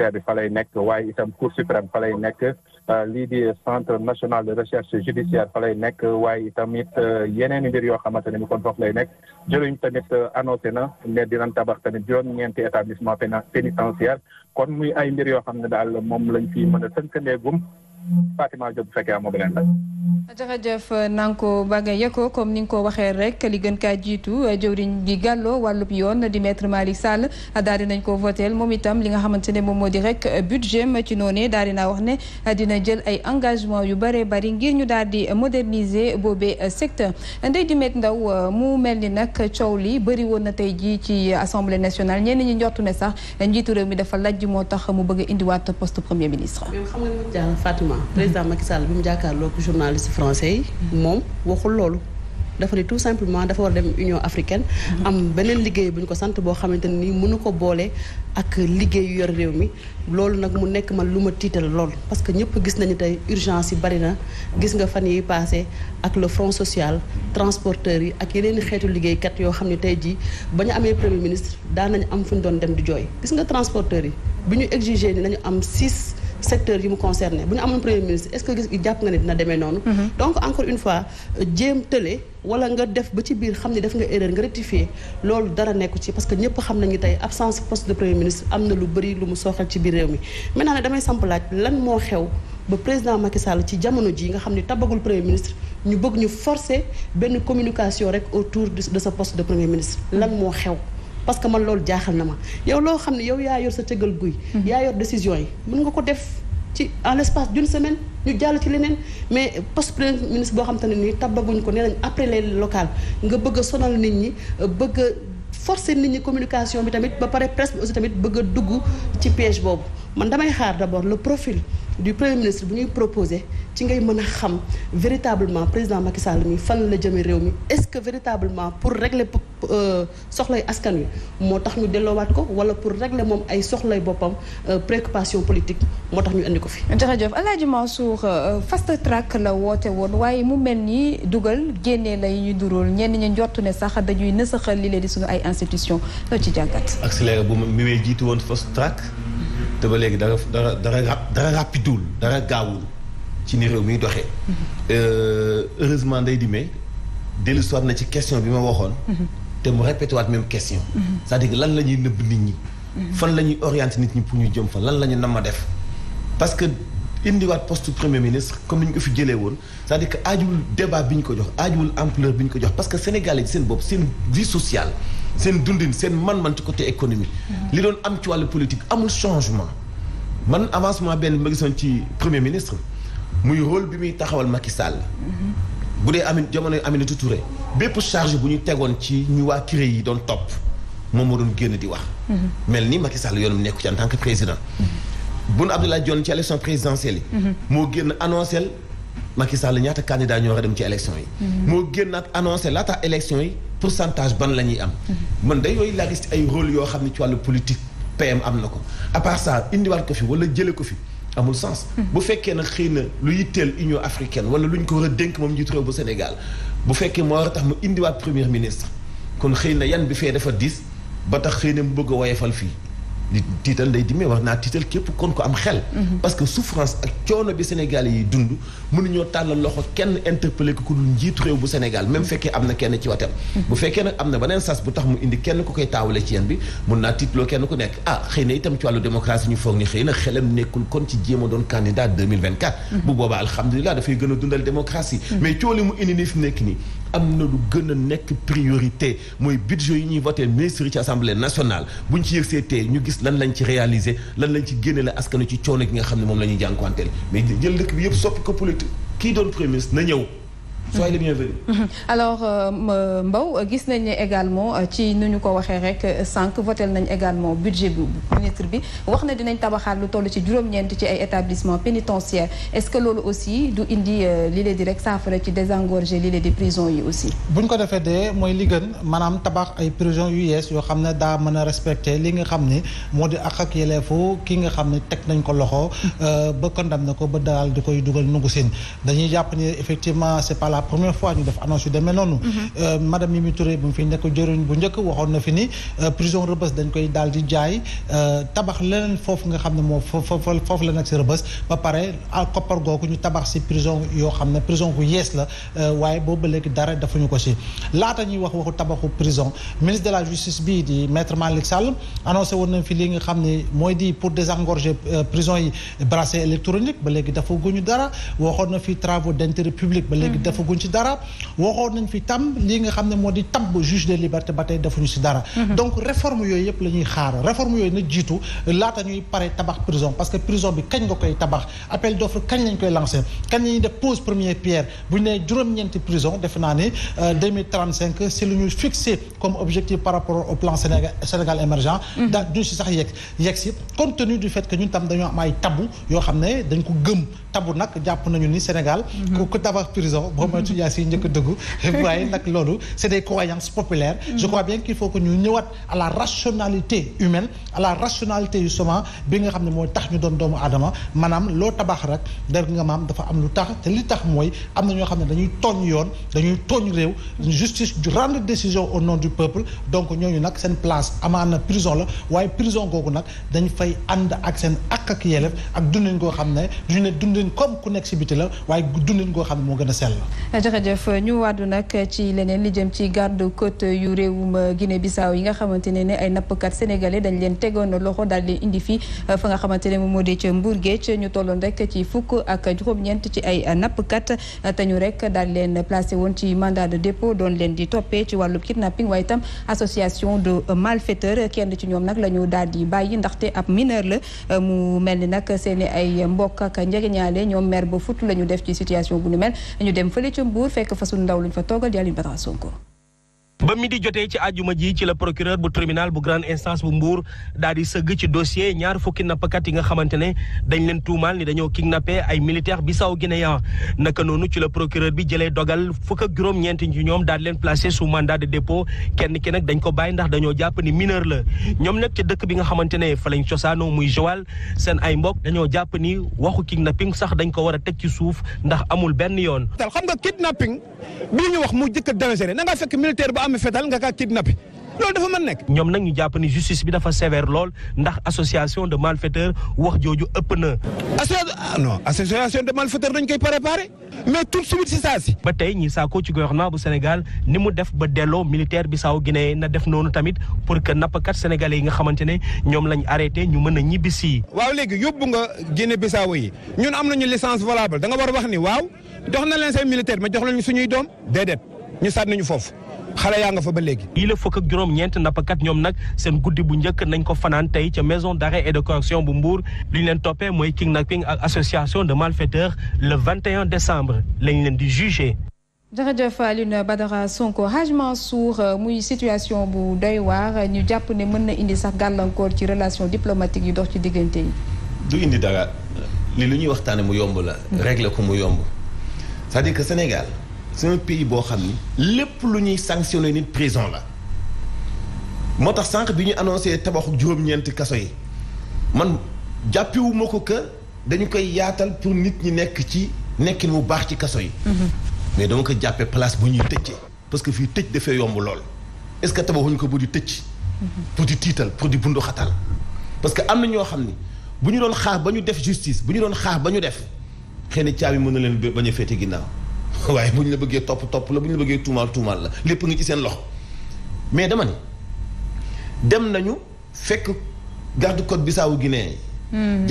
ministère bi fa lay nekk waaye itam cour suprême fa lay nekk euh, lii di centre national de recherche judiciaire fa lay nekk waaye itam it euh, yeneen mbir yoo xamante ne bi kon foofu lay nekk jëriñ tamit euh, annoncé na ne dinañ tabax tamit juróom-ñeenti établissement pénitentiaire kon muy ay mbir yoo xam ne daal moom lañ fi mën a tënkandeegum Fatima Diop bu fekkee amoo beneen laaj jërëjëf Nanko Bagaye ko comme ni nga ko waxee rek li gën kaa jiitu jëwriñ bi gàlloo wàllub yoon di maître Malick Sall daal di nañ ko voteel moom itam li nga xamante ne moom moo di rek budget ma ci noonu daal di naa wax ne dina jël ay engagement yu bëree bëri ngir ñu daal di moderniser boobee secteur ndey di met ndaw mu mel ni nag coow li bari woon na tey jii ci assemblée nationale ñenn ñi njortu ne sax njiitu réew mi dafa lajj moo tax mu bëgg a indiwaat poste premier ministre. xam nga Fatima président mu jàkkaarloo journaliste journaliste français yi moom waxul loolu dafa ne tout simplement dafa war dem Union africaine mhm. am beneen liggéey bu ñu ko sant boo xamante ne nii mënu ko boole ak liggéey yu yor réew mi loolu nag mu nekk man lu ma tiital lool parce que ñëpp gis nañu tey urgence yi bari na gis nga fan yi passé ak le front social transporteurs yi ak yeneen xeetu liggéey kat yoo xam ne tey jii ba ñu amee premier ministre daan nañu am fu ñu doon dem di jooy gis nga transporteurs yi bi nañu am six secteur yi mu concerné bu ñu amoon premier ministre est-ce que gis jàpp nga ne dina demee noonu mm-hmm. donc encore une fois euh, jéem tële wala nga def ba ci biir xam ni def nga erreur nga rectifier loolu dara nekku ci parce que ñëpp xam nañu tey absence poste de premier ministre am na lu bëri lu mu sooxal ci biir réew mi maintenant ne damay samp laaj lan moo xew ba président Macky Sall ci jamono ji nga xam ne tabagul premier ministre ñu bëgg ñu forcer benn communication rek autour de sa poste de premier ministre lan moo xew parce que man loolu jaaxal na ma yow loo xam ne yow yaa yor sa cëgal guy. Mhm. yaa yor décision yi mën nga ko def ci en l' espace semaine ñu jàll ci leneen mais poste premier ministre boo xam te ne nii tabaguñ ko nee nañ après les locale nga bëgg sonal nit ñi bëgg a nit ñi communication bi tamit ba pare presse bi aussi tamit bëgg a dugg ci piège boobu man damay xaar d' abord le profil. du premier ministre bu ñuy proposé ci ngay mën a xam véritablement président Macky Sall mi fan la jëme réew mi est-ce que véritablement pour soxla euh, soxlay askan wi moo tax ñu delloowaat ko wala pour régler moom ay soxlay boppam euh, préoccupation politique moo tax ñu indi ko fi. jërëjëf El Hadj Mansour euh, fast track la woote woon waaye mu mel ni dugal génnee yi ñu dural ñenn ñi njortu ne sax a dañuy nësaxal li leen di suñu ay institutions ci jàngat. accéléré bu mu jiitu woon fast track. te ba léegi dara dara dara dara rapidul dara gaawul ci ni réew mi doxee. Mhm. Euh, heureusement Ndeye Dime dellusiwaat na ci question bi ma waxoon. Mhm. te mu répété waat question. Mhm. cest à lan la ñuy nëbb nit ñi. fan la ñuy orienté nit ñi pour ñu jëm fa lan la ñu nam ma def. parce que indiwaat poste premier ministre comme ni ñu ko fi jëlee woon c'est-à-dire que bi ñu ko jox aajuwul ampleur bi ñu ko jox parce que Sénégalais seen bopp seen vie sociale. seen dundin seen man-man ci côté économie mhm. li doon am ci wàll politique amul changement man avancement benn bi ma ci premier ministre muy rôle bi muy taxawal Macky Sall mhm. bu dee amin jamono Aminata Touré bépp charge bu ñu tegoon ci ñu waa CREI yi doon topp moom moo doon génn di wax mhm. mel ni Macky Sall yoonam nekku ci en tant que président Boun Abdallah Dionne ci élection présidentielle yi moo génn annoncé Macky Sall ñaata candidat ñoo war a dem ci élection yi. Mhm. moo génnaat annoncé laata élection yi pourcentage ban la ñuy am. Mhm. man day yooyu laa gis ay rôle yoo xam ne ci wàllu politique PM am na ko à part indiwaat ko fi wala jëlee ko fi. amul sens mhm. bu fekkee nag xëy na lu yitteel Union africaine wala lu ñu ko war a dénk moom njiitu réew bu Sénégal bu fekkee moo war a tax mu indiwaat premier ministre kon xëy na yan bi fee dafa diis ba tax xëy na mu bëgg a li tiital nday dimbee naa tiital képp kon ko am xel. Mhm. parce que souffrance ak coono bi Sénégal yi dund mënuñoo tàllal loxo kenn interpellé ko ku dul njiitu réew bu Sénégal même mhm. fekkee am na kenn ci watam. Mhm. bu fekkee nag am na beneen sas bu tax mu indi kenn ku koy taawale ci yéen bi mun naa tiitloo kenn ku nekk ah xëy na itam ci wàllu démocratie ñu foog ni xëy na xelam nekkul kon ci jéem doon candidat 2024. bu boobaa alhamdulilah dafay gën a dundal am na lu gën a nekk priorité mooy budget yi ñuy voté ministre yi ci assemblée nationale bu ñu ci yëgsee tey ñu gis lan lañ ci réaliser lan lañ ci génne la askanu ci coono gi nga xam ne moom la ñuy jànkuwanteel mais jël dëkk bi yëpp sopp ko politique kii doon premier na ñëw soyez les bienvenus. alors euh, Mbow gis nañ également euh, ci nu ñu ko waxee rek euh, sànq voté nañ également budget bu ministre bi wax na dinañ tabaxaat lu toll ci juróom-ñeent ci ay établissement pénitentiaire est-ce que loolu aussi du indi li leen di rek saafara ci désengorger li leen di prison yi aussi. bu ñu ko defee de mooy li gën maanaam tabax ay prison yu yees yoo xam ne daa mën a respecté li nga xam ne moo di àq ak yelleefu ki nga xam ne teg nañ ko loxo ba condamné ko ba daal koy dugal nungu sin la première fois ñu def annonce yu demee noonu. Mhm. Euh, madame Mimi Touré bu mu fi nekk jëriñ bu njëkk waxoon na fi ni euh, prison Rebeuss dañ koy daal di jaay euh, tabax leneen foofu nga xam ne moom foofu foofu la nag si ba pare koppar googu ñu tabax si prison yoo xam ne prison ku yees la waaye boobu léegi dara defuñu ko si laata ñuy wax waxu tabaxu prison ministre de la justice bii di maître Malick Sall annoncé woon nañ fi li nga xam ne mooy di pour désengorger prison yi bracelet électronique ba léegi dafa defaguñ ci dara waxoon nañ fi tam lii nga xam ne moo di tam ba juge des libertés ba tey defuñu ci dara mhm. donc réforme yooyu yëpp la ñuy xaar réforme yooyu na jiitu laata ñuy pare tabax prison parce que prison bi kañ nga koy tabax appel d'offre kañ lañ koy lancé kañ lañuy def pose première pierre bu ñu nee juróom-ñeenti prison defe naa ne euh, 2035 c'est lu ñu fixé comme objectif par rapport au plan Sénégal Sénégal émergent mhm. daa duñ ci sax yegg yegg ci tenu du fait que ñun tam dañoo am ay tabu yoo xam ne dañ ko gëm tabu nag jàpp nañu ni Sénégal mhm. ku tabax prison étudiants yi njëkk a dëggu waaye nag loolu c'est des croyances populaires je crois bien qu'il faut que ñu ñëwaat à la rationalité humaine à la rationalité justement bi nga xam ne mooy tax ñu doon doomu aadama maanaam loo tabax rek der nga maam dafa am lu tax te li tax mooy am ñoo xam ne dañuy tooñ yoon dañuy tooñ réew justice du rendre décision au nom du peuple donc ñooñu nag seen place amaan na prison la waaye prison googu nag dañ fay ànd ak seen ak ak yelef ak dundin xam ne duñu ne dundin comme ku nekk si la waaye dundin goo xam ne moo gën a sell jërëjëf ñu wàddu nag ci leneen li jëm ci garde côte yu réewum Guinée Bissau yi nga xamante ne ne ay nappkat sénégalais dañ leen tegoon loxo daal di indi fii fa nga xamante ne moom moo di ca Mbour ñu tolloon rek ci fukk ak juróom-ñeent ci ay nappkat te ñu rek daal leen placé woon ci mandat de dépôt doon leen di toppee ci wàllu kidnapping waaye itam association de malfaiteurs kenn ci ñoom nag lañu ñu daal di bàyyi ndaxte ab mineur la mu mel ni nag seen ay mbokk ak ñoom mer la ñu def ci situation ca Mbour fekk fasul ndaw luñ fa toogal di Aliou Badara Sonko ba mi di jotee ci àjjuma ji ci la procureur bu tribunal bu grande instance bu Mbour daal di ci dossier ñaar fukki nappkat yi nga xamante ne dañ leen tuumaal ni dañoo kidnappé ay bi Bissau Guinéen naka noonu ci la procureur bi jëlee dogal fukk ak juróom-ñeenti ci ñoom daal di leen placé sous mandat de dépôt kenn ki nag dañ ko bàyyi ndax dañoo jàpp ni mineur la ñoom nag ci dëkk bi nga xamante ne fa lañ cosaanoo muy Joal seen ay mbokk dañoo jàpp ni waxu kidnapping sax dañ ko war a teg ci suuf ndax amul benn yoon. xam nga kidnapping bi wax amee fetal nga kaa kidnappé loolu dafa mën nekk. ñoom nag ñu jàpp ni justice bi dafa sévère lool ndax association de malfaiteurs wax jooju ëpp na. Ah non association de malfaiteurs dañ koy préparé mais tout de suite si saa si. ba tey ñi saako ci gouvernement bu Sénégal ni mu def ba delloo militaire Bissau Guinée na def noonu tamit pour que nappkat sénégalais yi nga xamante ne ñoom lañu arrêté ñu mën a ñibbi si. waaw léegi yóbbu nga Guinée Bissau yi ñun am nañu licence valable da nga war a wax ni waaw jox na leen say militaire ma jox nañu suñuy doom déedéet ñu sànni ñu foofu. xale yaa nga fa ba léegi. yii la fukk ak juróom-ñeent nappkat ñoom nag seen guddi bu njëkk nañ ko fanaan tey ca maison d'arrêt et de correction bu mbuur li leen toppee mooy kidnapping ak association de malfaiteurs le 21 décembre lañ leen di jugé. jërëjëf ne Badara Sonko Hadj Mansour euh, muy situation bu doy waar ñu jàpp ne mën na indi sax gàllankoor ci relation diplomatique yu dox ci diggante yi. du indi dara li lu ñuy waxtaane mu yomb la. Hmm. régler ko mu yomb cest à Sénégal. c'est un boo xam ni lépp lu ñuy sanctionné nit prison la moo tax sànq bi ñu annoncé tabaxu juróom-ñeenti kaso yi man jàppiwuma ko que dañu koy yaatal pour nit ñi nekk ci nekkin bu baax ci kaso yi mm-hmm. mais dama ko jàppe place bu ñuy tëjee parce que fii tëj dafay yomb lool est-ce que tabaxuñu ko bu di tëj mm-hmm. pour di tiital pour di bundu xatal parce que am na ñoo xam ni bu ñu doon xaar ba ñu def justice bu ñu doon xaar ba ñu def xëy na caabi mën na leen bañ a féete ginnaaw waaye bu ñu la bëggee topp topp la bu ñu la bëggee tuumaal tuumaal la lépp nga ci seen loxo mais dama dem nañu fekk garde côte Bissau Guinée hmm.